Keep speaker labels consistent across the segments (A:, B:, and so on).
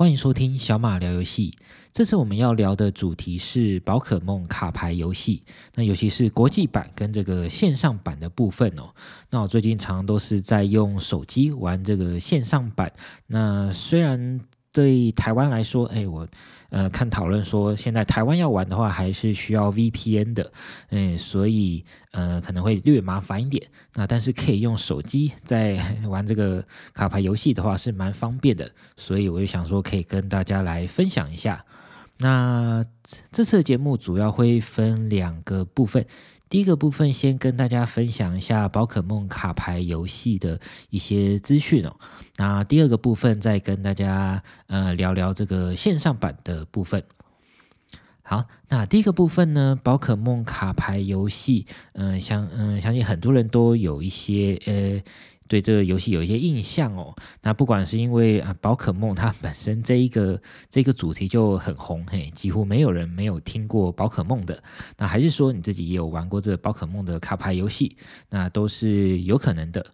A: 歡迎收聽小馬聊遊戲。這次我們要聊的主題是寶可夢卡牌遊戲，那尤其是國際版跟這個線上版的部分哦。那我最近常都是在用手機玩這個線上版。那雖然，對台灣來說，哎、欸，我，呃，看討論說，現在台灣要玩的話，還是需要 VPN 的，嗯，所以，呃，可能會略麻煩一點。那但是可以用手機在玩這個卡牌遊戲的話，是蠻方便的。所以我就想說，可以跟大家來分享一下。那這次節目主要會分兩個部分。第一個部分先跟大家分享一下寶可夢卡牌遊戲的一些資訊哦。那第二個部分再跟大家呃聊聊這個線上版的部分。好，那第一個部分呢，寶可夢卡牌遊戲，嗯、呃，相嗯、呃、相信很多人都有一些呃。對這個遊戲有一些印象哦。那不管是因為啊，寶可夢它本身這一個這個主題就很紅，嘿，幾乎沒有人沒有聽過寶可夢的。那還是說你自己也有玩過這寶可夢的卡牌遊戲？那都是有可能的。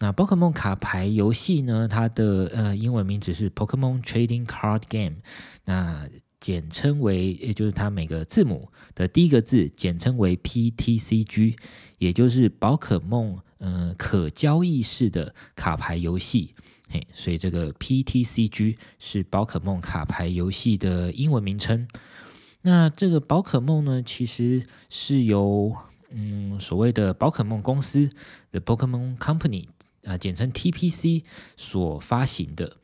A: 那寶可夢卡牌遊戲呢，它的呃英文名字是 Pokemon、ok、Trading Card Game，那簡稱為也就是它每個字母的第一個字簡稱為 PTCG，也就是寶可夢。嗯，可交易式的卡牌遊戲，嘿，所以這個 PTCG 是寶可夢卡牌遊戲的英文名稱。那這個寶可夢呢，其實是由嗯所謂的寶可夢公司 The Pokemon Company 啊，簡稱 TPC 所發行的。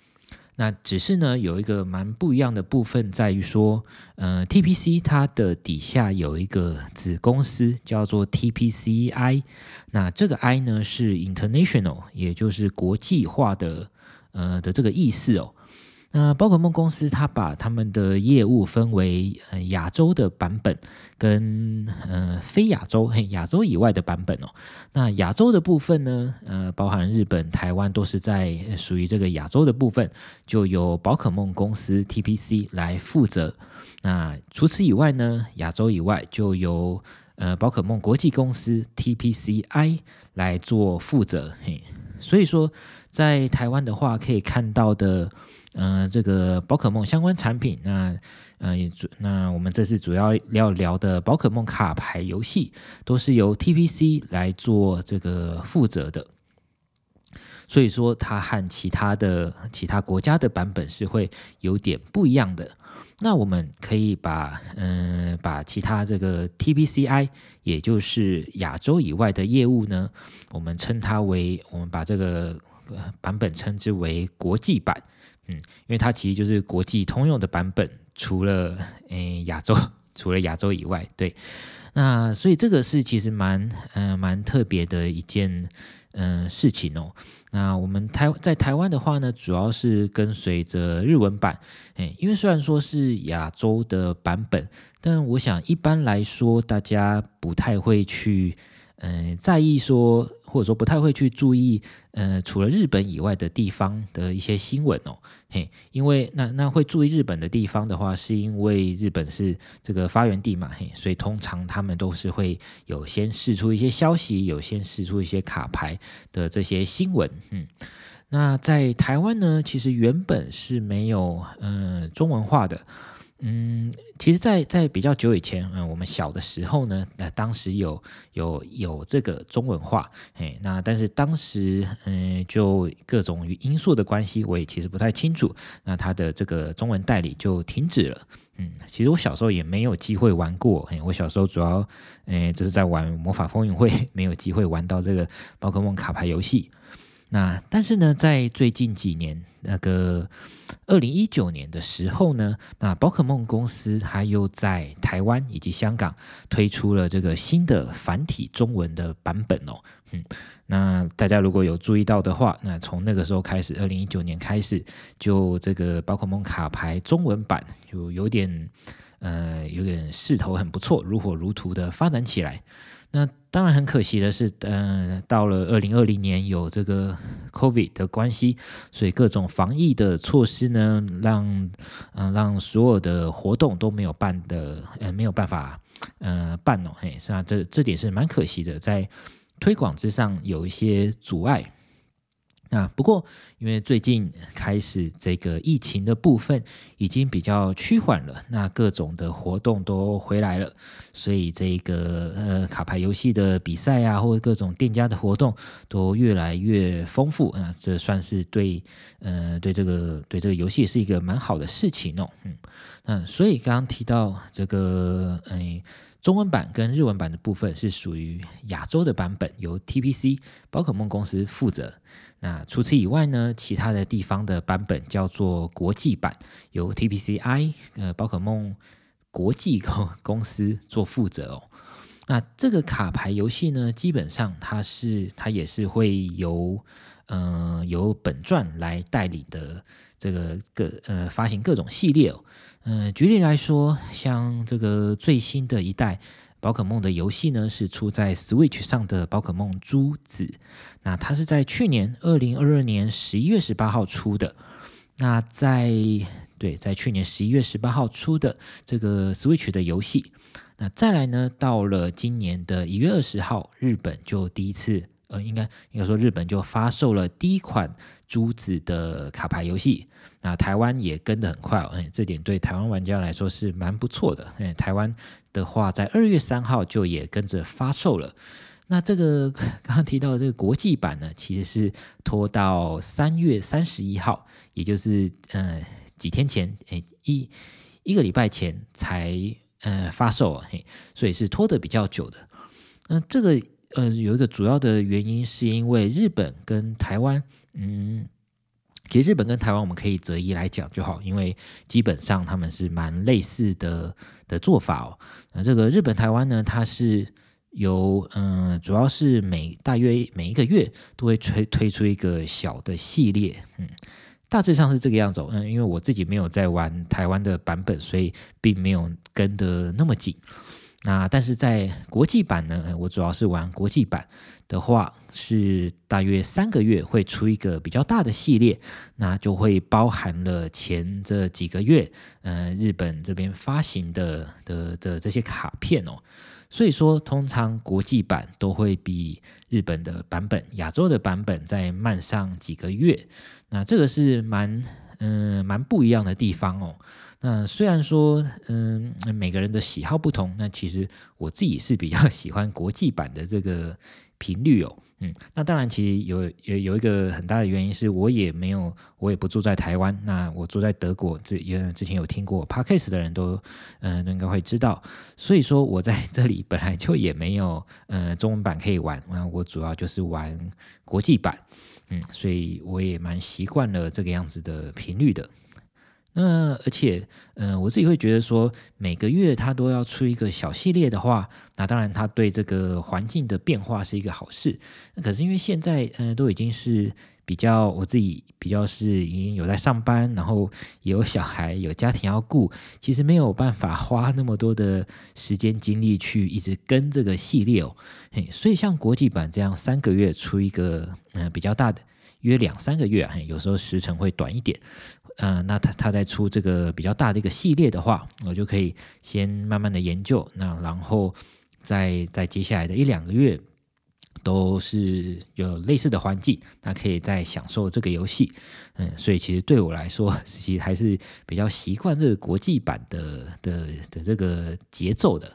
A: 那只是呢，有一個蠻不一樣的部分，在於說，呃，TPC 它的底下有一個子公司叫做 TPCI，那這個 I 呢是 international，也就是國際化的，呃的這個意思哦。那寶可夢公司它把他們的業務分為呃亞洲的版本跟呃非亞洲嘿亞洲以外的版本哦，喔。那亞洲的部分呢，呃，包含日本、台灣都是在屬於這個亞洲的部分，就由寶可夢公司 TPC 來負責。那除此以外呢，亞洲以外就由呃寶可夢國際公司 TPCI 來做負責。嘿，所以說在台灣的話，可以看到的。嗯、呃，這個寶可夢相關產品，那嗯、呃，那我們這次主要要聊，聊的寶可夢卡牌遊戲，都是由 TPC 來做這個負責的，所以說它和其他的其他國家的版本是會有點不一樣的。那我們可以把嗯、呃，把其他這個 TPCi 也就是亞洲以外的業務呢，我們稱它為，我們把這個、呃、版本稱之為國際版。嗯，因為它其實就是國際通用的版本，除了誒亞洲，除了亞洲以外，對，那所以這個是其實蠻嗯、呃、蠻特別的一件嗯、呃、事情哦。那我們台在台灣的話呢，主要是跟隨着日文版，誒，因為雖然說是亞洲的版本，但我想一般來說大家不太會去嗯、呃、在意說。或者說不太會去注意，呃，除了日本以外的地方的一些新聞哦，嘿，因為那那會注意日本的地方的話，是因為日本是這個發源地嘛，嘿，所以通常他們都是會有先釋出一些消息，有先釋出一些卡牌的這些新聞，嗯，那在台灣呢，其實原本是沒有嗯、呃、中文化的。嗯，其實在，在在比較久以前，嗯，我們小的時候呢，那、呃、當時有有有這個中文化，哎，那但是當時，嗯、呃，就各種與因素的關係，我也其實不太清楚，那它的這個中文代理就停止了。嗯，其實我小時候也沒有機會玩過，嘿，我小時候主要，嗯、呃，就是在玩魔法風雲會，沒有機會玩到這個寶可夢卡牌遊戲。那但是呢，在最近幾年，那個二零一九年的時候呢，那寶可夢公司它又在台灣以及香港推出了這個新的繁體中文的版本哦。嗯，那大家如果有注意到的話，那從那個時候開始，二零一九年開始，就這個寶可夢卡牌中文版就有點，呃，有點勢頭很不錯，如火如荼的發展起來。那當然很可惜的是，嗯、呃，到了二零二零年有這個 COVID 的關係，所以各種防疫的措施呢，讓嗯、呃、讓所有的活動都沒有辦的，呃沒有辦法，呃辦哦，嘿，是啊，這這點是蠻可惜的，在推廣之上有一些阻礙。那不過，因為最近開始這個疫情的部分已經比較趨緩了，那各種的活動都回來了，所以這個呃，卡牌遊戲的比賽啊，或者各種店家的活動都越來越豐富啊，這算是對，呃，對這個對這個遊戲是一個蠻好的事情哦。嗯，那所以剛剛提到這個，嗯、哎。中文版跟日文版的部分是屬於亞洲的版本，由 TPC 寶可夢公司負責。那除此以外呢，其他的地方的版本叫做國際版，由 TPCI 呃寶可夢國際公司做負責哦。那這個卡牌遊戲呢，基本上它是它也是會由嗯、呃、由本傳來代理的這個各呃發行各種系列哦。嗯，舉例來說，像這個最新的一代寶可夢的遊戲呢，是出在 Switch 上的寶可夢朱紫。那它是在去年二零二二年十一月十八號出的，那在對，在去年十一月十八號出的這個 Switch 的遊戲，那再來呢，到了今年的一月二十號，日本就第一次。呃，應該應該說，日本就發售了第一款朱紫的卡牌遊戲。那台灣也跟得很快哦、哎，這點對台灣玩家來說是蠻不錯的。哎，台灣的話，在二月三號就也跟着發售了。那這個剛剛提到的這個國際版呢，其實是拖到三月三十一號，也就是呃幾天前，哎一一個禮拜前才呃發售、哦，嘿、哎，所以是拖得比較久的。嗯，這個。呃，有一個主要的原因，是因為日本跟台灣，嗯，其實日本跟台灣我們可以擇一來講就好，因為基本上他們是蠻類似的的做法哦。那、呃、這個日本台灣呢，它是由嗯、呃，主要是每大約每一個月都會推推出一個小的系列，嗯，大致上是這個樣子、哦。嗯，因為我自己沒有在玩台灣的版本，所以並沒有跟得那麼緊。那但是在國際版呢？我主要是玩國際版的話，是大約三個月會出一個比較大的系列，那就會包含了前這幾個月，嗯、呃，日本這邊發行的的的這些卡片哦。所以說，通常國際版都會比日本的版本、亞洲的版本再慢上幾個月。那這個是蠻嗯蠻不一樣的地方哦。那雖然說，嗯，每個人的喜好不同，那其實我自己是比較喜歡國際版的這個頻率哦，嗯，那當然，其實有有有一個很大的原因是我也沒有，我也不住在台灣，那我住在德國，這也之前有聽過 Podcast 的人都，嗯，都應該會知道，所以說我在這裡本來就也沒有，呃、嗯，中文版可以玩，那我主要就是玩國際版，嗯，所以我也蠻習慣了這個樣子的頻率的。那而且，嗯、呃，我自己會覺得說，每個月它都要出一個小系列的話，那當然它對這個環境的變化是一個好事。那可是因為現在，嗯、呃，都已經是比較我自己比較是已經有在上班，然後有小孩有家庭要顧，其實沒有辦法花那麼多的時間精力去一直跟這個系列哦。嘿，所以像國際版這樣三個月出一個，嗯、呃，比較大的，約兩三個月、啊、嘿有時候時程會短一點。嗯、呃，那他他在出這個比較大的一個系列的話，我就可以先慢慢的研究，那然後再在接下來的一兩個月都是有類似的環境，那可以再享受這個遊戲。嗯，所以其實對我來說，其實還是比較習慣這個國際版的的的這個節奏的。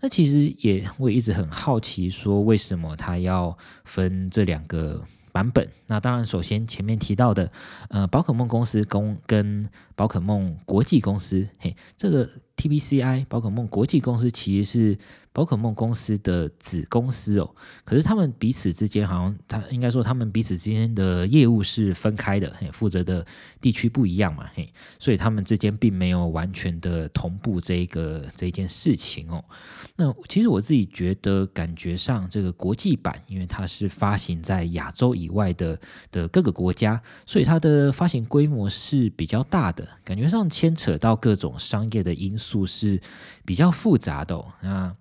A: 那其實也我也一直很好奇，說為什麼它要分這兩個？版本，那當然，首先前面提到的，呃，寶可夢公司公跟跟寶可夢國際公司，嘿，這個。TBCI 寶可夢國際公司其實是寶可夢公司的子公司哦，可是他們彼此之間好像，他應該說他們彼此之間的業務是分開的，嘿，負責的地區不一樣嘛，嘿，所以他們之間並沒有完全的同步這一個這一件事情哦。那其實我自己覺得，感覺上這個國際版，因為它是發行在亞洲以外的的各個國家，所以它的發行規模是比較大的，感覺上牽扯到各種商業的因素。數是比較複雜的哦，那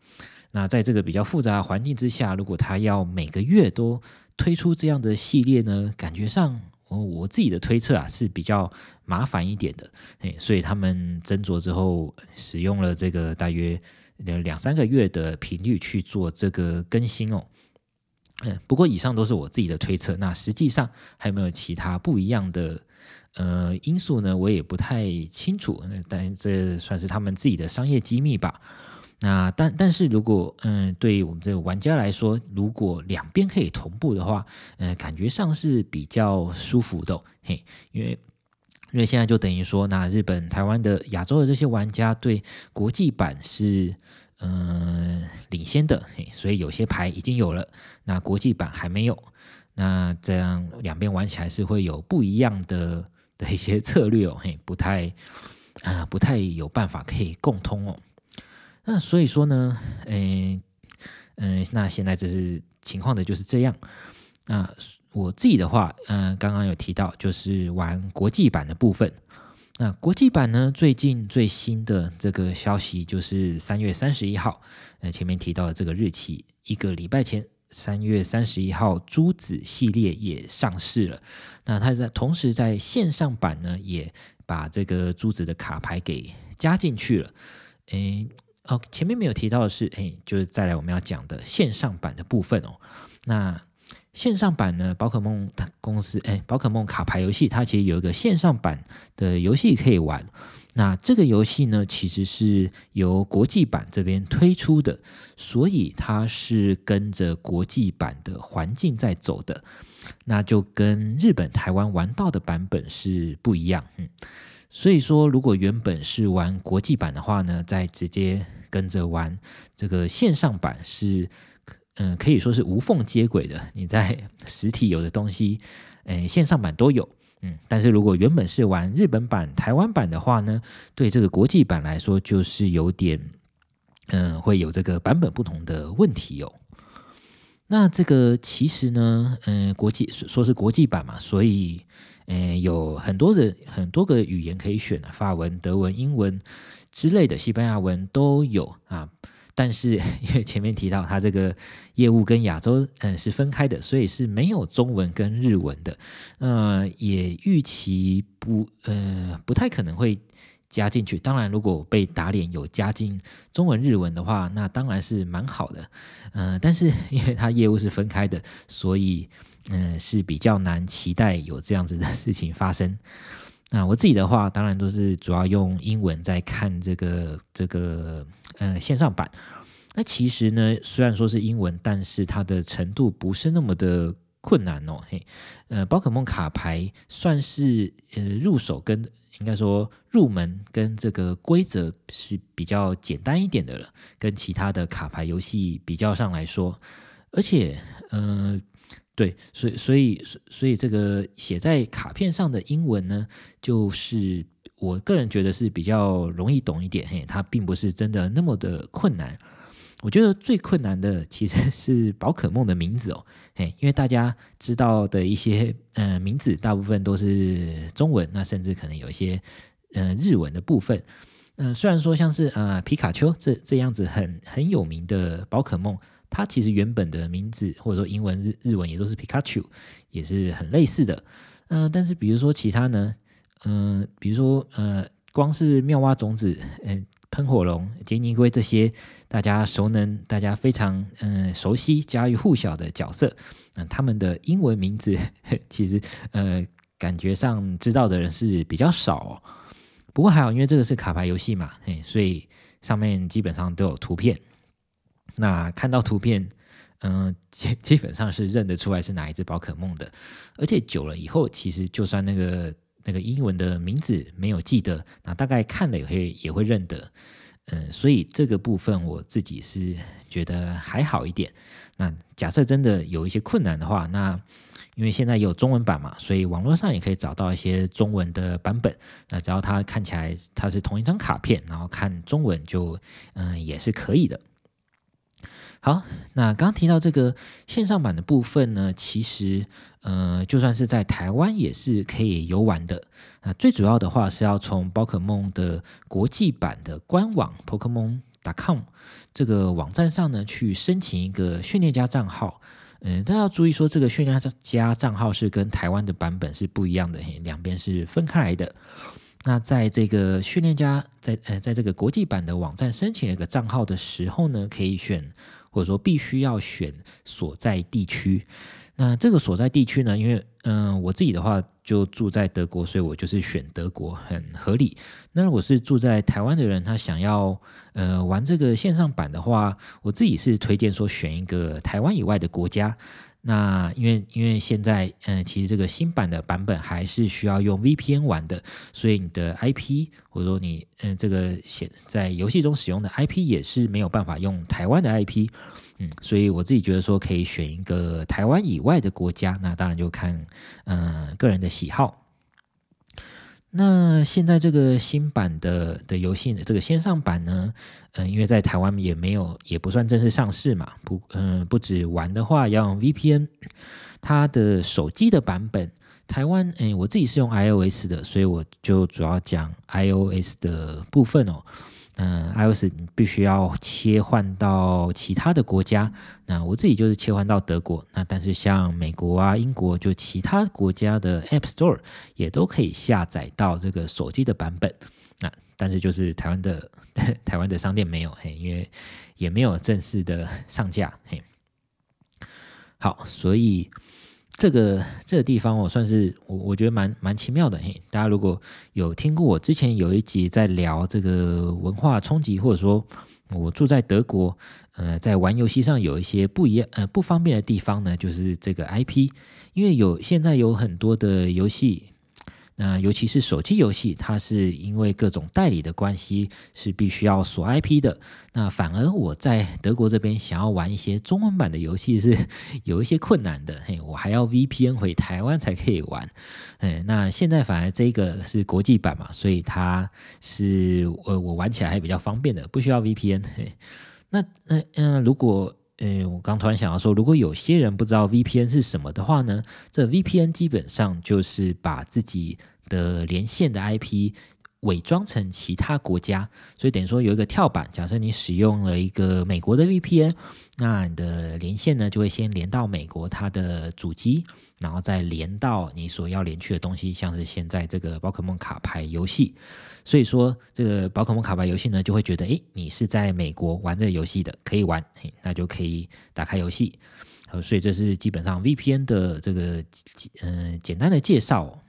A: 那在這個比較複雜的環境之下，如果他要每個月都推出這樣的系列呢，感覺上我、哦、我自己的推測啊是比較麻煩一點的。嘿，所以他們斟酌之後，使用了這個大約兩三個月的頻率去做這個更新哦。嗯，不過以上都是我自己的推測，那實際上還有沒有其他不一樣的？呃，因素呢，我也不太清楚，但這算是他們自己的商業機密吧。那但但是如果嗯，對我們這個玩家來說，如果兩邊可以同步的話，嗯、呃，感覺上是比較舒服的、哦，嘿，因為因為現在就等於說，那日本、台灣的、亞洲的這些玩家對國際版是嗯、呃，領先的，嘿，所以有些牌已經有了，那國際版還沒有，那這樣兩邊玩起來是會有不一樣的，的一些策略哦，嘿，不太啊、呃，不太有辦法可以共通哦。那所以說呢，嗯、呃、嗯、呃，那現在這是情況的就是這樣。那我自己的話，嗯、呃，剛剛有提到就是玩國際版的部分。那國際版呢，最近最新的這個消息就是三月三十一號，那、呃、前面提到的這個日期，一個禮拜前。三月三十一號，朱紫系列也上市了。那它在同時，在線上版呢，也把這個朱紫的卡牌給加進去了。欸，哦，前面沒有提到的是，欸，就是再來我們要講的線上版的部分喔。那線上版呢，寶可夢公司，欸，寶可夢卡牌遊戲，它其實有一個線上版的遊戲可以玩。那這個遊戲呢，其實是由國際版這邊推出的，所以它是跟着國際版的環境在走的，那就跟日本、台灣玩到的版本是不一樣。嗯，所以說，如果原本是玩國際版的話呢，再直接跟着玩這個線上版是，嗯、呃，可以說是無縫接軌的。你在實體有的東西，嗯、哎，線上版都有。嗯，但是如果原本是玩日本版、台灣版的話呢，對這個國際版來說就是有點，嗯、呃，會有這個版本不同的問題哦。那這個其實呢，嗯、呃，國際說是國際版嘛，所以嗯、呃，有很多的很多個語言可以選、啊，法文、德文、英文之類的，西班牙文都有啊。但是因為前面提到它這個。業務跟亞洲嗯、呃，是分開的，所以是沒有中文跟日文的。呃，也預期不呃不太可能會加進去。當然，如果被打臉有加進中文日文的話，那當然是蠻好的。嗯、呃，但是因為它業務是分開的，所以嗯、呃，是比較難期待有這樣子的事情發生。那我自己的話，當然都是主要用英文在看這個這個嗯、呃，線上版。那其實呢，雖然說是英文，但是它的程度不是那麼的困難哦。嘿，呃，寶可夢卡牌算是呃入手跟應該說入門跟這個規則是比較簡單一點的了，跟其他的卡牌遊戲比較上來說，而且，嗯、呃，對，所以所以所以這個寫在卡片上的英文呢，就是我個人覺得是比較容易懂一點。嘿，它並不是真的那麼的困難。我覺得最困難的其實是寶可夢的名字哦，哎，因為大家知道的一些嗯、呃、名字，大部分都是中文，那甚至可能有一些嗯、呃、日文的部分。嗯、呃，雖然說像是啊、呃、皮卡丘這這樣子很很有名的寶可夢，它其實原本的名字或者說英文日日文也都是皮卡丘，也是很類似的。嗯、呃，但是比如說其他呢，嗯、呃，比如說嗯、呃，光是妙蛙種子，嗯、呃。噴火龍、傑尼龜這些大家熟能、大家非常嗯、呃、熟悉、家喻戶曉的角色，嗯、呃，他們的英文名字其實呃感覺上知道的人是比較少、哦。不過還好，因為這個是卡牌遊戲嘛，嘿，所以上面基本上都有圖片。那看到圖片，嗯、呃，基基本上是認得出來是哪一只寶可夢的。而且久了以後，其實就算那個。那個英文的名字沒有記得，那大概看了也會也會認得。嗯，所以這個部分我自己是覺得還好一點。那假設真的有一些困難的話，那因為現在有中文版嘛，所以網絡上也可以找到一些中文的版本。那只要它看起來它是同一張卡片，然後看中文就嗯也是可以的。好，那剛剛提到這個線上版的部分呢，其實，呃，就算是在台灣也是可以遊玩的。那最主要的話是要從寶可夢的國際版的官網，pokemon.com 這個網站上呢，去申請一個訓練家賬號。嗯、呃，但要注意說，這個訓練家賬號是跟台灣的版本是不一樣的，兩邊是分開來的。那在這個訓練家在呃，在這個國際版的網站申請了一個賬號的時候呢，可以選。或者說必須要選所在地區，那這個所在地區呢，因為嗯、呃，我自己的話就住在德國，所以我就是選德國很合理。那如果是住在台灣的人，他想要呃玩這個線上版的話，我自己是推薦說選一個台灣以外的國家。那因為因為現在嗯、呃，其實這個新版的版本還是需要用 VPN 玩的，所以你的 IP 或者說你嗯、呃，這個寫，在遊戲中使用的 IP 也是沒有辦法用台灣的 IP，嗯，所以我自己覺得說可以選一個台灣以外的國家，那當然就看嗯、呃，個人的喜好。那現在這個新版的的遊戲，這個線上版呢，嗯，因為在台灣也沒有，也不算正式上市嘛，不，嗯，不只玩的話要用 VPN，它的手機的版本，台灣，嗯，我自己是用 iOS 的，所以我就主要講 iOS 的部分哦。嗯，iOS 你必須要切換到其他的國家。那我自己就是切換到德國。那但是像美國啊、英國就其他國家的 App Store 也都可以下載到這個手機的版本。那但是就是台灣的台灣的商店沒有嘿，因為也沒有正式的上架嘿。好，所以。這個這個地方，我算是我我覺得蠻蠻奇妙的。嘿，大家如果有聽過我之前有一集在聊這個文化衝擊，或者說我住在德國，呃，在玩遊戲上有一些不一樣，呃，不方便的地方呢，就是這個 IP，因為有，現在有很多的遊戲。那尤其是手機遊戲，它是因為各種代理的關係，是必須要鎖 IP 的。那反而我在德國這邊想要玩一些中文版的遊戲是有一些困難的，嘿，我還要 VPN 回台灣才可以玩。哎，那現在反而這個是國際版嘛，所以它是呃我，我玩起來還比較方便的，不需要 VPN。嘿，那那嗯，那如果。嗯，我剛突然想到說，如果有些人不知道 VPN 是什麼的話呢，這 VPN 基本上就是把自己的連線的 IP 偽裝成其他國家，所以等於說有一個跳板。假設你使用了一個美國的 VPN，那你的連線呢就會先連到美國它的主機。然後再連到你所要連去的東西，像是現在這個寶可夢卡牌遊戲，所以說這個寶可夢卡牌遊戲呢，就會覺得，哎，你是在美國玩這個遊戲的，可以玩，那就可以打開遊戲。哦，所以這是基本上 VPN 的這個嗯、呃、簡單的介紹哦。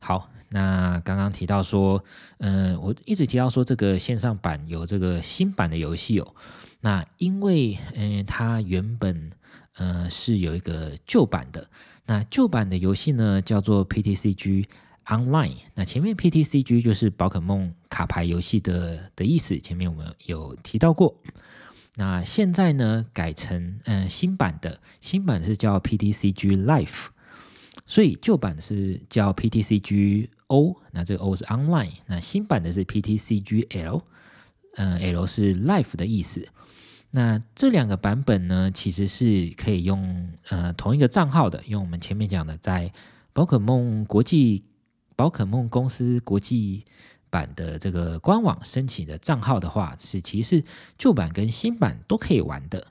A: 好，那剛剛提到說，嗯、呃，我一直提到說這個線上版有這個新版的遊戲哦。那因為嗯、呃，它原本。呃，是有一個舊版的，那舊版的遊戲呢，叫做 PTCG Online。那前面 PTCG 就是寶可夢卡牌遊戲的的意思，前面我們有提到過。那現在呢，改成嗯、呃、新版的，新版是叫 PTCG Live。所以舊版是叫 PTCG O，那這個 O 是 Online，那新版的是 PTCG L，嗯、呃、L 是 Live 的意思。那這兩個版本呢，其實是可以用呃同一個賬號的，因為我們前面講的，在寶可夢國際寶可夢公司國際版的這個官網申請的賬號的話，是其實是舊版跟新版都可以玩的。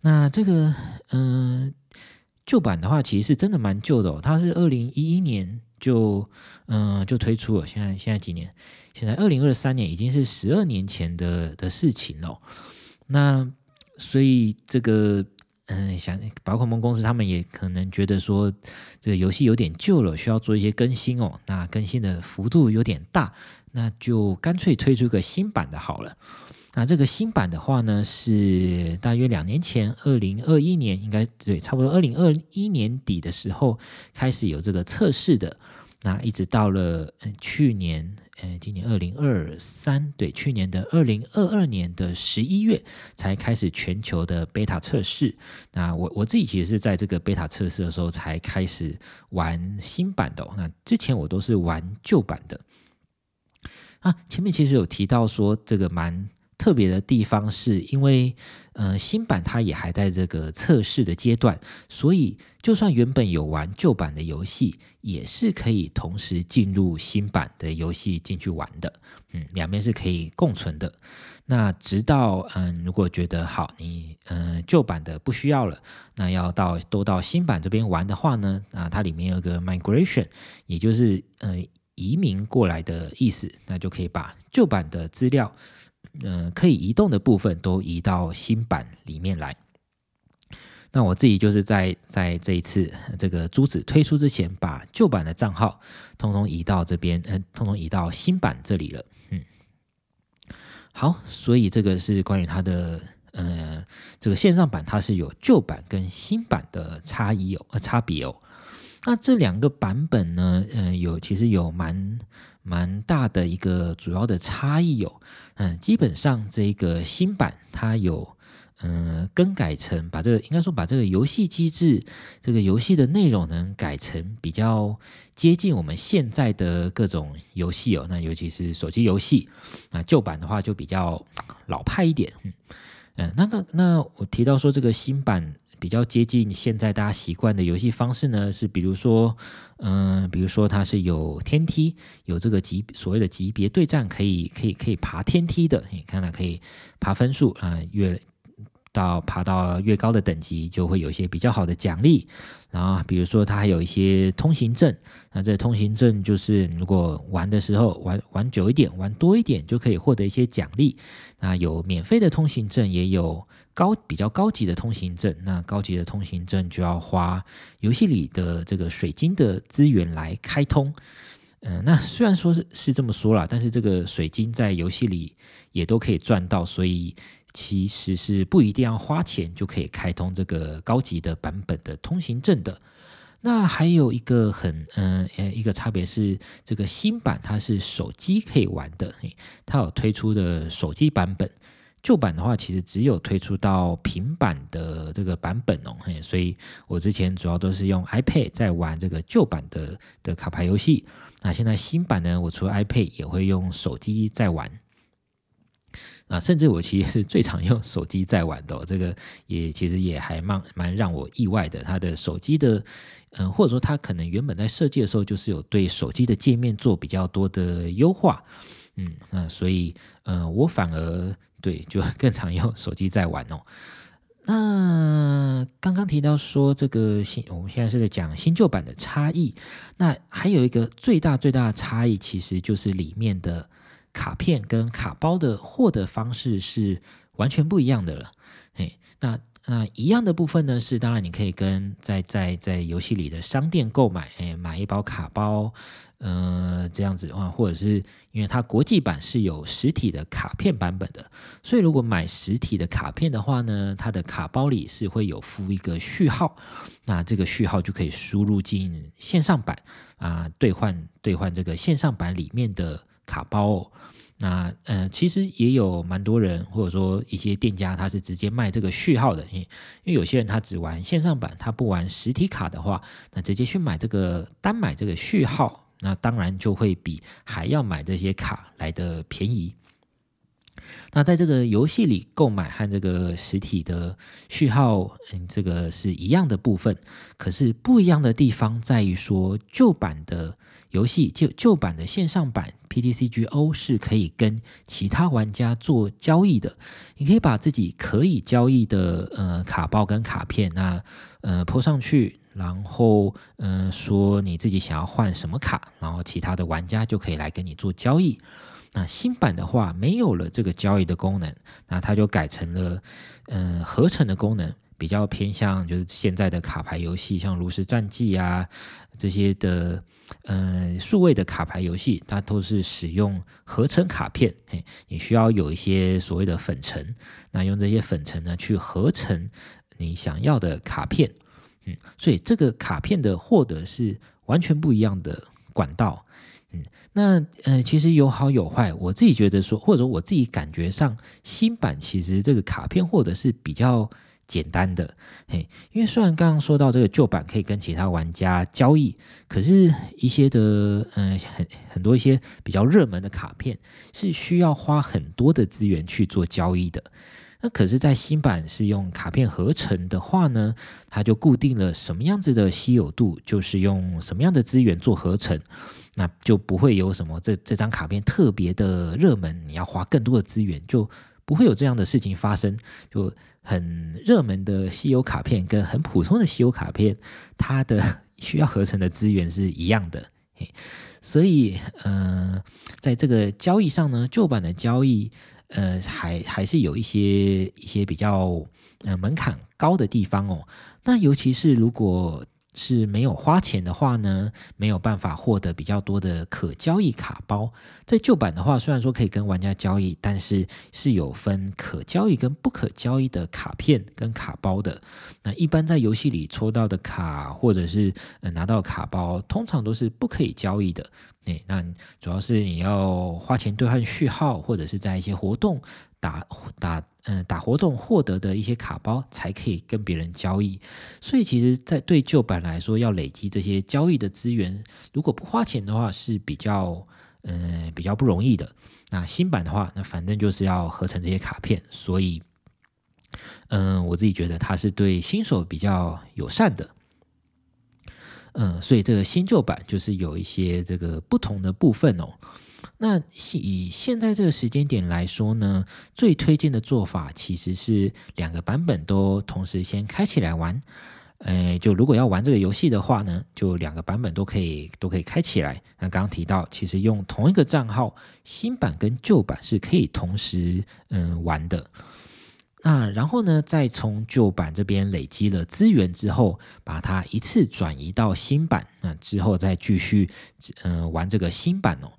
A: 那這個嗯、呃、舊版的話，其實是真的蠻舊的哦，它是二零一一年就嗯、呃、就推出了，現在現在幾年，現在二零二三年已經是十二年前的的事情了哦。那所以這個，嗯，想寶可夢公司他們也可能覺得說這個遊戲有點舊了，需要做一些更新哦。那更新的幅度有點大，那就乾脆推出一個新版的好了。那這個新版的話呢，是大約兩年前，二零二一年應該對，差不多二零二一年底的時候開始有這個測試的，那一直到了去年。哎，今年二零二三，對，去年的二零二二年的十一月才開始全球的貝塔測試。那我我自己其實是在這個貝塔測試的時候才開始玩新版的哦，那之前我都是玩舊版的。啊，前面其實有提到說，這個蠻。特別的地方是因為，呃，新版它也還在這個測試的階段，所以就算原本有玩舊版的遊戲，也是可以同時進入新版的遊戲進去玩的。嗯，兩邊是可以共存的。那直到，嗯、呃，如果覺得好，你，嗯、呃，舊版的不需要了，那要到都到新版這邊玩的話呢，啊，它裡面有個 migration，也就是，嗯、呃，移民過來的意思，那就可以把舊版的資料。嗯、呃，可以移動的部分都移到新版裡面來。那我自己就是在在這一次這個朱紫推出之前，把舊版的賬號通通移到這邊，嗯、呃，通通移到新版這裡了。嗯，好，所以這個是關於它的，嗯、呃，這個線上版它是有舊版跟新版的差異哦，呃、差別哦。那這兩個版本呢，嗯、呃，有其實有蠻。蠻大的一個主要的差異有、哦，嗯，基本上這個新版它有，嗯、呃，更改成把這個應該說把這個遊戲機制，這個遊戲的內容呢改成比較接近我們現在的各種遊戲哦，那尤其是手機遊戲，啊，舊版的話就比較老派一點，嗯，那個那我提到說這個新版。比較接近現在大家習慣的遊戲方式呢，是比如說，嗯，比如說它是有天梯，有這個級所謂的級別對戰，可以可以可以爬天梯的。你看它可以爬分數，啊、嗯，越到爬到越高的等級，就會有一些比較好的獎勵。然後比如說它還有一些通行證，那這通行證就是如果玩的時候玩玩久一點，玩多一點，就可以獲得一些獎勵。那有免費的通行證，也有。高，比較高級的通行證，那高級的通行證就要花遊戲裡的這個水晶的資源來開通。嗯、呃，那雖然說是是這麼說啦，但是這個水晶在遊戲裡也都可以賺到，所以其實是不一定要花錢就可以開通這個高級的版本的通行證的。那還有一個很嗯、呃、一個差別是，這個新版它是手機可以玩的，嘿，它有推出的手機版本。舊版的話，其實只有推出到平板的這個版本哦，嘿，所以我之前主要都是用 iPad 在玩這個舊版的的卡牌遊戲。那現在新版呢，我除了 iPad 也會用手機在玩，啊，甚至我其實是最常用手機在玩的哦，這個也其實也還蠻蠻讓我意外的。它的手機的，嗯，或者說它可能原本在設計的時候就是有對手機的界面做比較多的優化，嗯，那所以，嗯，我反而。對，就更常用手機在玩哦。那剛剛提到說這個新，我們現在是在講新舊版的差異。那還有一個最大最大的差異，其實就是裡面的卡片跟卡包的獲得方式是完全不一樣的了。嘿，那。那一樣的部分呢是，當然你可以跟在在在遊戲裡的商店購買，哎、欸，買一包卡包，嗯、呃，這樣子的話、啊，或者是因為它國際版是有實體的卡片版本的，所以如果買實體的卡片的話呢，它的卡包裡是會有附一個序號，那這個序號就可以輸入進線上版啊，兌換兌換這個線上版裡面的卡包、哦。那呃其實也有蠻多人，或者說一些店家，他是直接賣這個序號的。因因為有些人他只玩線上版，他不玩實體卡的話，那直接去買這個，單買這個序號，那當然就會比還要買這些卡來的便宜。那在這個遊戲裡購買和這個實體的序號，嗯，這個是一樣的部分，可是不一樣的地方在於說，舊版的遊戲，舊舊版的線上版。PTCGO 是可以跟其他玩家做交易的，你可以把自己可以交易的呃卡包跟卡片那呃鋪上去，然後嗯、呃、說你自己想要換什麼卡，然後其他的玩家就可以來跟你做交易。那新版的話沒有了這個交易的功能，那它就改成了嗯、呃、合成的功能。比較偏向就是現在的卡牌遊戲，像爐石戰記啊這些的，呃數位的卡牌遊戲，它都是使用合成卡片，嘿、欸，你需要有一些所謂的粉塵，那用這些粉塵呢去合成你想要的卡片，嗯，所以這個卡片的獲得是完全不一樣的管道，嗯，那呃其實有好有壞，我自己覺得說，或者我自己感覺上，新版其實這個卡片獲得是比較簡單的嘿，因為雖然剛剛說到這個舊版可以跟其他玩家交易，可是一些的嗯、呃、很很多一些比較熱門的卡片是需要花很多的資源去做交易的。那可是，在新版是用卡片合成的話呢，它就固定了什麼樣子的稀有度，就是用什麼樣的資源做合成，那就不會有什麼這這張卡片特別的熱門，你要花更多的資源，就不會有這樣的事情發生就。很熱門的稀有卡片跟很普通的稀有卡片，它的需要合成的資源是一樣的，所以，嗯、呃，在這個交易上呢，舊版的交易，呃，還還是有一些一些比較呃門檻高的地方哦。那尤其是如果。是沒有花錢的話呢，沒有辦法獲得比較多的可交易卡包。在舊版的話，雖然說可以跟玩家交易，但是是有分可交易跟不可交易的卡片跟卡包的。那一般在遊戲裡抽到的卡或者是，呃，拿到卡包，通常都是不可以交易的。欸，那主要是你要花錢兌換序號，或者是在一些活動打打嗯打活動獲得的一些卡包，才可以跟別人交易。所以其實，在對舊版來說，要累積這些交易的資源，如果不花錢的話，是比較嗯比較不容易的。那新版的話，那反正就是要合成這些卡片，所以嗯，我自己覺得它是對新手比較友善的。嗯，所以這個新舊版就是有一些這個不同的部分哦。那以現在這個時間點來說呢，最推薦的做法其實是兩個版本都同時先開起來玩。誒，就如果要玩這個遊戲的話呢，就兩個版本都可以，都可以開起來。那剛剛提到，其實用同一個賬號，新版跟舊版是可以同時嗯玩的。那然後呢，再從舊版這邊累積了資源之後，把它一次轉移到新版，那之後再繼續嗯、呃、玩這個新版哦。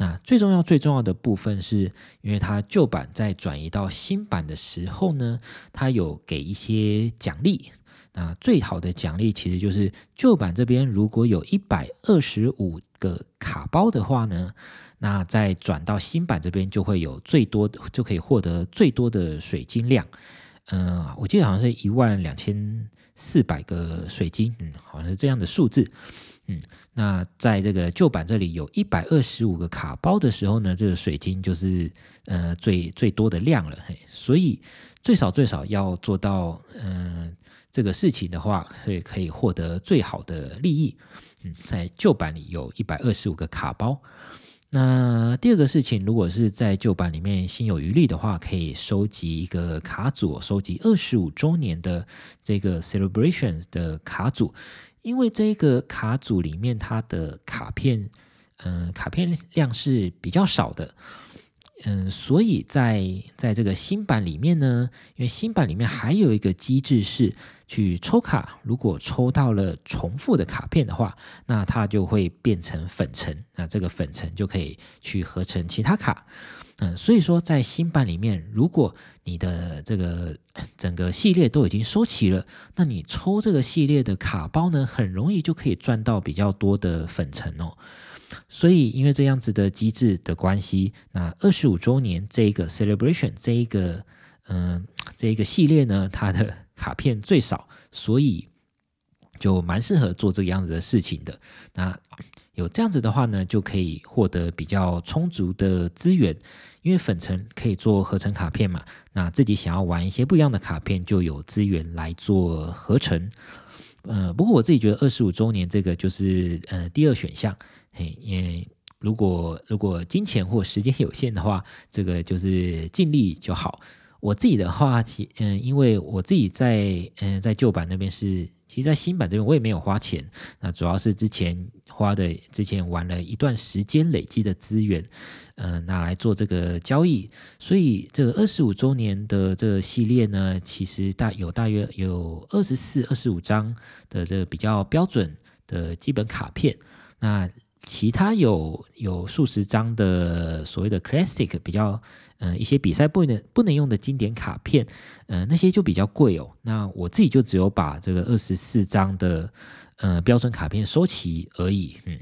A: 那最重要最重要的部分是，因為它舊版在轉移到新版的時候呢，它有給一些獎勵。那最好的獎勵其實就是舊版這邊如果有一百二十五個卡包的話呢，那再轉到新版這邊就會有最多，就可以獲得最多的水晶量。嗯、呃，我記得好像是一萬兩千四百個水晶，嗯，好像是這樣的數字。嗯，那在這個舊版這裡有一百二十五個卡包的時候呢，這個水晶就是呃最最多的量了。嘿，所以最少最少要做到嗯、呃、這個事情的話，可以可以獲得最好的利益。嗯，在舊版裡有一百二十五個卡包。那第二個事情，如果是在舊版裡面心有餘力的話，可以收集一個卡組，收集二十五周年的這個 Celebrations 的卡組。因為這個卡組裡面，它的卡片，嗯，卡片量是比較少的。嗯，所以在在這個新版裡面呢，因為新版裡面還有一個機制是去抽卡，如果抽到了重複的卡片的話，那它就會變成粉塵，那這個粉塵就可以去合成其他卡。嗯，所以說在新版裡面，如果你的這個整個系列都已經收齊了，那你抽這個系列的卡包呢，很容易就可以賺到比較多的粉塵哦。所以，因為這樣子的機制的關係，那二十五週年這一個 celebration 這一個，嗯、呃，這一個系列呢，它的卡片最少，所以就蠻適合做這個樣子的事情的。那有這樣子的話呢，就可以獲得比較充足的資源，因為粉塵可以做合成卡片嘛。那自己想要玩一些不一樣的卡片，就有資源來做合成。呃，不過我自己覺得二十五週年這個就是呃第二選項。嘿，因為如果如果金錢或時間有限的話，這個就是盡力就好。我自己的話，其嗯，因為我自己在嗯在舊版那邊是，其實，在新版這邊我也沒有花錢。那主要是之前花的，之前玩了一段時間累積的資源，嗯、呃，拿來做這個交易。所以，這個二十五周年的這個系列呢，其實大有大約有二十四、二十五張的這個比較標準的基本卡片。那其他有有數十張的所謂的 classic 比較，嗯、呃、一些比賽不能不能用的經典卡片，嗯、呃，那些就比較貴哦。那我自己就只有把這個二十四張的，嗯、呃、標準卡片收齊而已，嗯。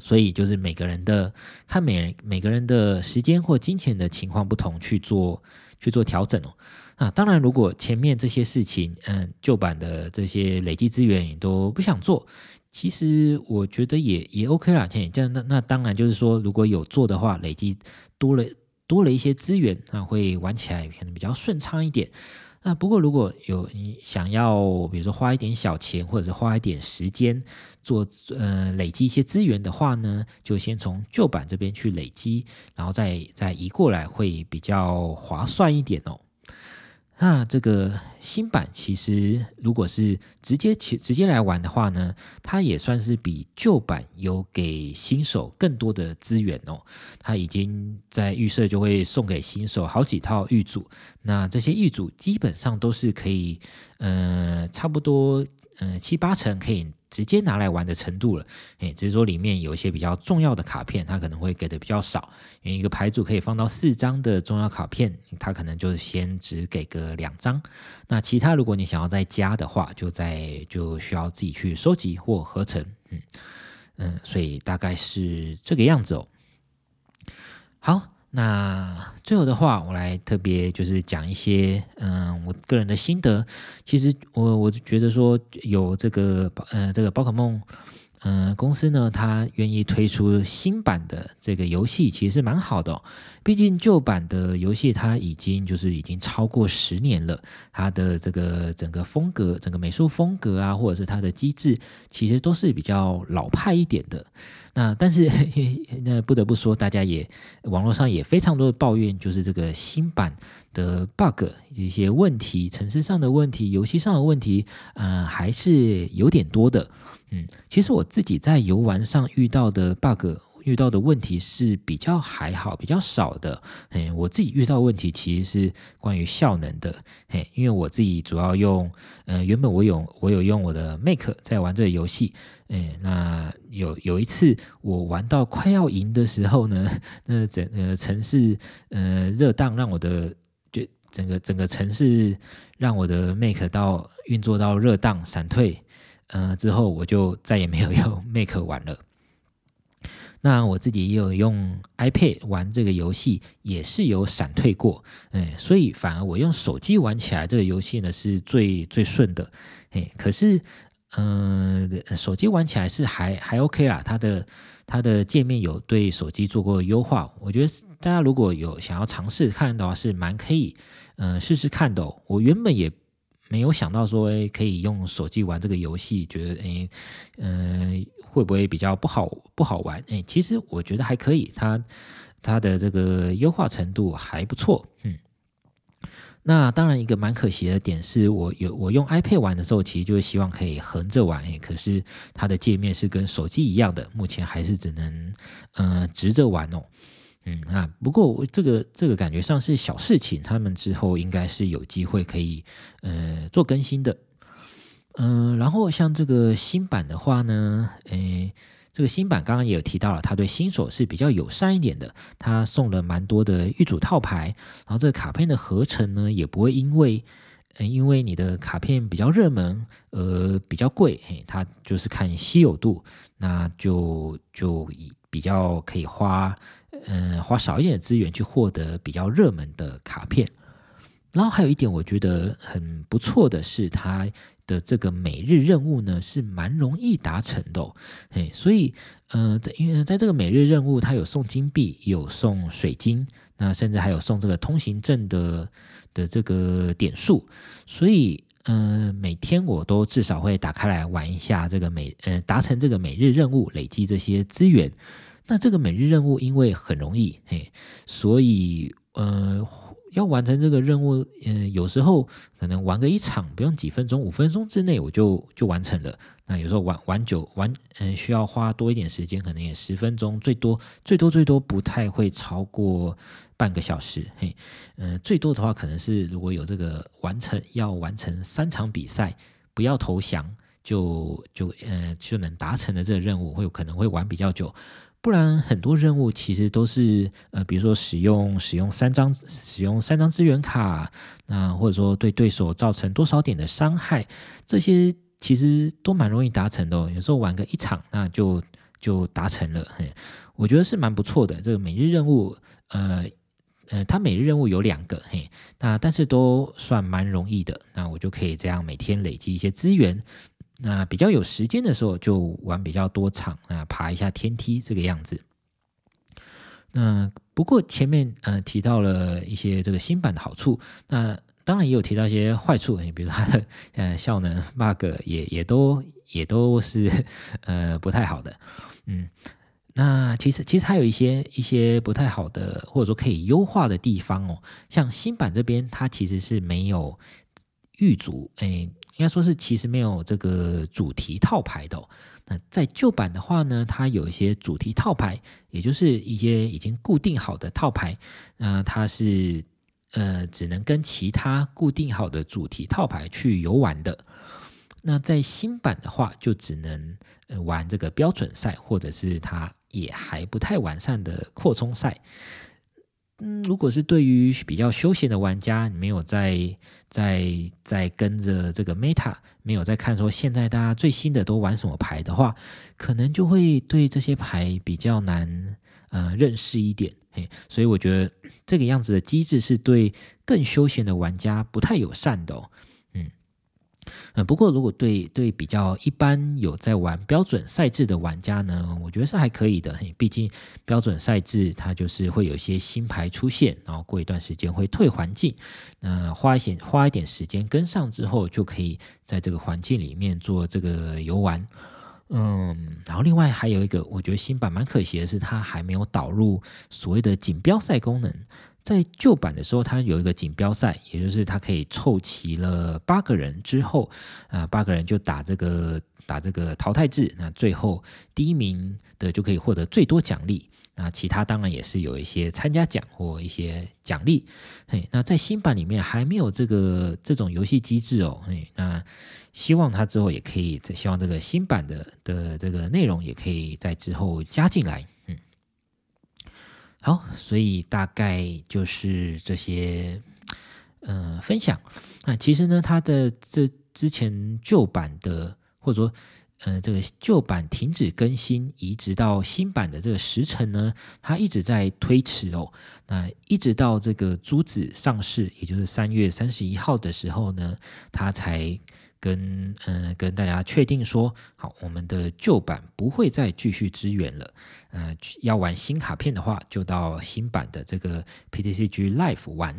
A: 所以就是每個人的看每人每個人的時間或金錢的情況不同去做去做調整哦。那、啊、當然，如果前面這些事情，嗯，舊版的這些累積資源也都不想做。其實我覺得也也 OK 啦，這樣那那當然就是說，如果有做的話，累積多了多了一些資源，那會玩起來可能比較順暢一點。那不過如果有你想要，比如說花一點小錢，或者是花一點時間做，呃，累積一些資源的話呢，就先從舊版這邊去累積，然後再再移過來，會比較划算一點哦。那這個新版其實，如果是直接起直接來玩的話呢，它也算是比舊版有給新手更多的資源哦。它已經在預設就會送給新手好幾套預組，那這些預組基本上都是可以，嗯、呃、差不多，嗯、呃，七八成可以，直接拿來玩的程度了，誒，只是說裡面有一些比較重要的卡片，它可能會給的比較少。因為一個牌組可以放到四張的重要卡片，它可能就先只給個兩張。那其他如果你想要再加的話，就再就需要自己去收集或合成，嗯嗯，所以大概是這個樣子哦。好。那最後的話，我來特別就是講一些，嗯、呃，我個人的心得。其實我我覺得說，有這個，嗯、呃，這個寶可夢，嗯、呃，公司呢，它願意推出新版的這個遊戲，其實是蠻好的、哦。畢竟舊版的遊戲，它已經就是已經超過十年了，它的這個整個風格、整個美術風格啊，或者是它的機制，其實都是比較老派一點的。那但是那不得不說，大家也網絡上也非常多的抱怨，就是這個新版的 bug 一些問題，程式上的問題，遊戲上的問題，呃，還是有點多的。嗯，其實我自己在遊玩上遇到的 bug，遇到的問題是比較還好，比較少的。嗯，我自己遇到的問題其實是關於效能的。嘿、嗯，因為我自己主要用，呃，原本我有我有用我的 Mac 在玩這個遊戲。嗯、那。有有一次，我玩到快要贏的時候呢，那整個城市呃，熱當，讓我的就整個整個城市讓我的 Mac 到運作到熱當閃退，呃，之後我就再也沒有用 Mac 玩了。那我自己也有用 iPad 玩這個遊戲，也是有閃退過，哎，所以反而我用手機玩起來這個遊戲呢是最最順的，哎，可是。嗯、呃，手機玩起來是還還 OK 啦，它的它的界面，有對手機做過優化，我覺得大家如果有想要嘗試看的話是蠻可以，嗯、呃、試試看的、哦。我原本也沒有想到說誒，可以用手機玩這個遊戲，覺得，誒嗯、呃，會不會比較不好不好玩？哎，其實我覺得還可以，它它的這個優化程度還不錯，嗯。那當然，一個蠻可惜的點是我有我用 iPad 玩的時候，其實就是希望可以橫着玩，欸，可是它的界面是跟手機一樣的，目前還是只能嗯、呃、直着玩哦。嗯，那不過這個這個感覺上是小事情，他們之後應該是有機會可以嗯、呃、做更新的。嗯、呃，然後像這個新版的話呢，誒、呃。這個新版剛剛也有提到了，他對新手是比較友善一點的。他送了蠻多的預組套牌，然後這個卡片的合成呢，也不會因為、呃、因為你的卡片比較熱門而比較貴。嘿，他就是看稀有度，那就就比較可以花嗯、呃、花少一點的資源去獲得比較熱門的卡片。然後還有一點我覺得很不錯的是，他。的這個每日任務呢，是蠻容易達成的哦，嘿，所以，呃，在因為在這個每日任務，它有送金幣，有送水晶，那甚至還有送這個通行證的的這個點數，所以，呃，每天我都至少會打開來玩一下這個每，呃，達成這個每日任務，累積這些資源。那這個每日任務因為很容易，嘿，所以，呃。要完成這個任務，嗯、呃，有時候可能玩個一場不用幾分鐘，五分鐘之內我就就完成了。那有時候玩玩久玩，嗯、呃，需要花多一點時間，可能也十分鐘，最多最多最多不太會超過半個小時。嘿，嗯、呃，最多的話可能是如果有這個完成要完成三場比賽，不要投降，就就嗯、呃、就能達成的這個任務，會有可能會玩比較久。不然很多任務其實都是呃，比如說使用使用三張使用三張資源卡啊，那或者說對對手造成多少點的傷害，這些其實都蠻容易達成的哦。有時候玩個一場，那就就達成了嘿，我覺得是蠻不錯的。這個每日任務，呃呃，它每日任務有兩個，嘿，那但是都算蠻容易的，那我就可以這樣每天累積一些資源。那比較有時間的時候，就玩比較多場啊，那爬一下天梯這個樣子。那不過前面呃提到了一些這個新版的好處，那當然也有提到一些壞處，你、欸、比如它的呃效能 bug 也也都也都是呃不太好的，嗯。那其實其實還有一些一些不太好的，或者說可以優化的地方哦、喔。像新版這邊，它其實是沒有預組哎。欸應該說是其實沒有這個主題套牌的、哦。那在舊版的話呢，它有一些主題套牌，也就是一些已經固定好的套牌。那它是呃只能跟其他固定好的主題套牌去遊玩的。那在新版的話，就只能、呃、玩這個標準賽，或者是它也還不太完善的擴充賽。嗯，如果是對於比較休閒的玩家，你沒有在在在跟着這個 Meta，沒有在看說現在大家最新的都玩什麼牌的話，可能就會對這些牌比較難呃認識一點。嘿，所以我覺得這個樣子的機制是對更休閒的玩家不太友善的哦。嗯，不過如果對對比較一般有在玩標準賽制的玩家呢，我覺得是還可以的。畢竟標準賽制它就是會有一些新牌出現，然後過一段時間會退環境，那花一些，花一點時間跟上之後，就可以在這個環境裡面做這個遊玩。嗯，然後另外還有一個，我覺得新版蠻可惜的是，它還沒有導入所謂的錦標賽功能。在舊版的時候，它有一個錦標賽，也就是它可以湊齊了八個人之後，啊、呃，八個人就打這個打這個淘汰制，那最後第一名的就可以獲得最多獎勵，那其他當然也是有一些參加獎或一些獎勵。嘿，那在新版裡面還沒有這個這種遊戲機制哦，嘿，那希望它之後也可以，希望這個新版的的這個內容也可以在之後加進來。好，所以大概就是這些，嗯、呃，分享。那其實呢，它的這之前舊版的，或者說，呃，這個舊版停止更新，移植到新版的這個時程呢，它一直在推遲哦。那一直到這個朱紫上市，也就是三月三十一號的時候呢，它才。跟嗯、呃，跟大家確定說，好，我們的舊版不會再繼續支援了。嗯、呃，要玩新卡片的話，就到新版的這個 PTCG Live 玩。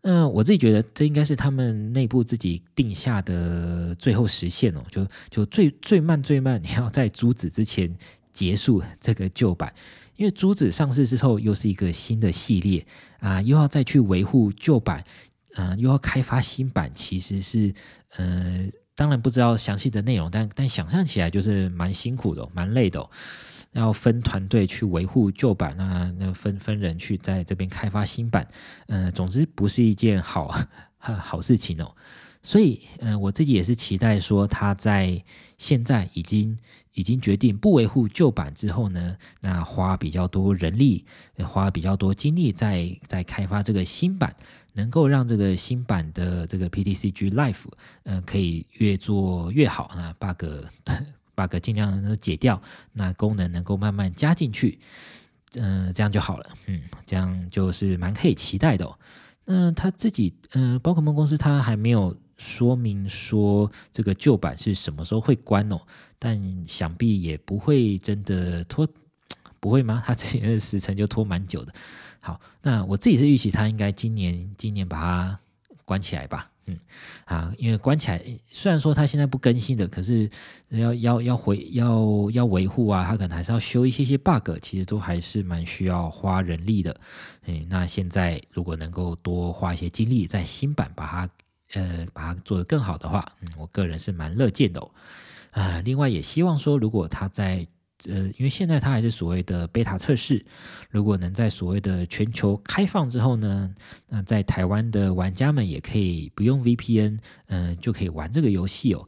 A: 那、呃、我自己覺得，這應該是他們內部自己定下的最後時限哦。就就最最慢最慢，你要在朱紫之前結束這個舊版，因為朱紫上市之後，又是一個新的系列啊、呃，又要再去維護舊版。嗯、啊，又要開發新版，其實是，呃，當然不知道詳細的內容，但但想象起來就是蠻辛苦的、哦，蠻累的、哦，要分團隊去維護舊版啊，那那分分人去在這邊開發新版，嗯、呃，總之不是一件好，好事情哦。所以，嗯、呃，我自己也是期待說，他在現在已經已經決定不維護舊版之後呢，那花比較多人力，花比較多精力在在開發這個新版，能夠讓這個新版的這個 PTCG Live，嗯、呃，可以越做越好，啊 bug bug 盡量解掉，那功能能夠慢慢加進去，嗯、呃，這樣就好了，嗯，這樣就是蠻可以期待的、哦。那他自己，嗯、呃，寶可夢公司他還沒有。說明說這個舊版是什麼時候會關哦？但想必也不會真的拖，不會嗎？他之前的時程就拖蠻久的。好，那我自己是預期他應該今年今年把它關起來吧。嗯啊，因為關起來雖然說他現在不更新的，可是要要要回要要維護啊，他可能還是要修一些些 bug，其實都還是蠻需要花人力的。誒、嗯，那現在如果能夠多花一些精力在新版把它。呃，把它做得更好的話，嗯，我個人是蠻樂見的，哦，啊、呃，另外也希望說，如果它在，呃，因為現在它還是所謂的貝塔測試，如果能在所謂的全球開放之後呢，那在台灣的玩家們也可以不用 VPN，嗯、呃，就可以玩這個遊戲哦，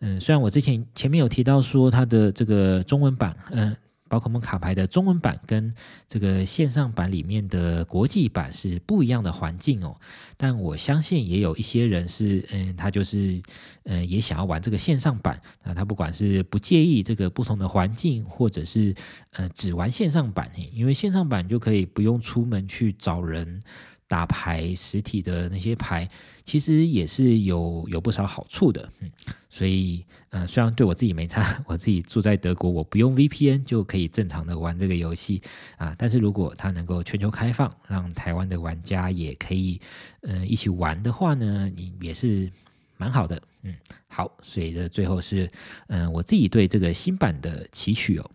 A: 嗯、呃，雖然我之前前面有提到說它的這個中文版，嗯、呃。包括我們卡牌的中文版跟這個線上版裡面的國際版是不一樣的環境哦，但我相信也有一些人是，嗯，他就是，呃、嗯，也想要玩這個線上版，那、啊、他不管是不介意這個不同的環境，或者是，呃，只玩線上版，因為線上版就可以不用出門去找人。打牌實體的那些牌，其實也是有有不少好處的，嗯，所以，呃，雖然對我自己沒差，我自己住在德國，我不用 VPN 就可以正常的玩這個遊戲啊，但是如果它能夠全球開放，讓台灣的玩家也可以，呃，一起玩的話呢，也是蠻好的，嗯，好，所以呢，最後是，嗯、呃，我自己對這個新版的期許哦，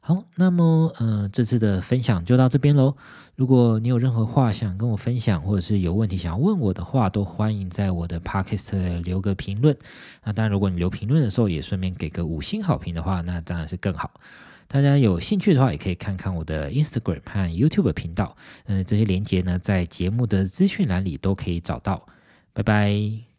A: 好，那麼，嗯、呃，這次的分享就到這邊嘍。如果你有任何話想跟我分享，或者是有問題想要問我的話，都歡迎在我的 Podcast 留個評論。那當然，如果你留評論的時候也順便給個五星好評的話，那當然是更好。大家有興趣的話，也可以看看我的 Instagram 和 YouTube 頻道。嗯，這些鏈接呢，在節目的資訊欄裡都可以找到。拜拜。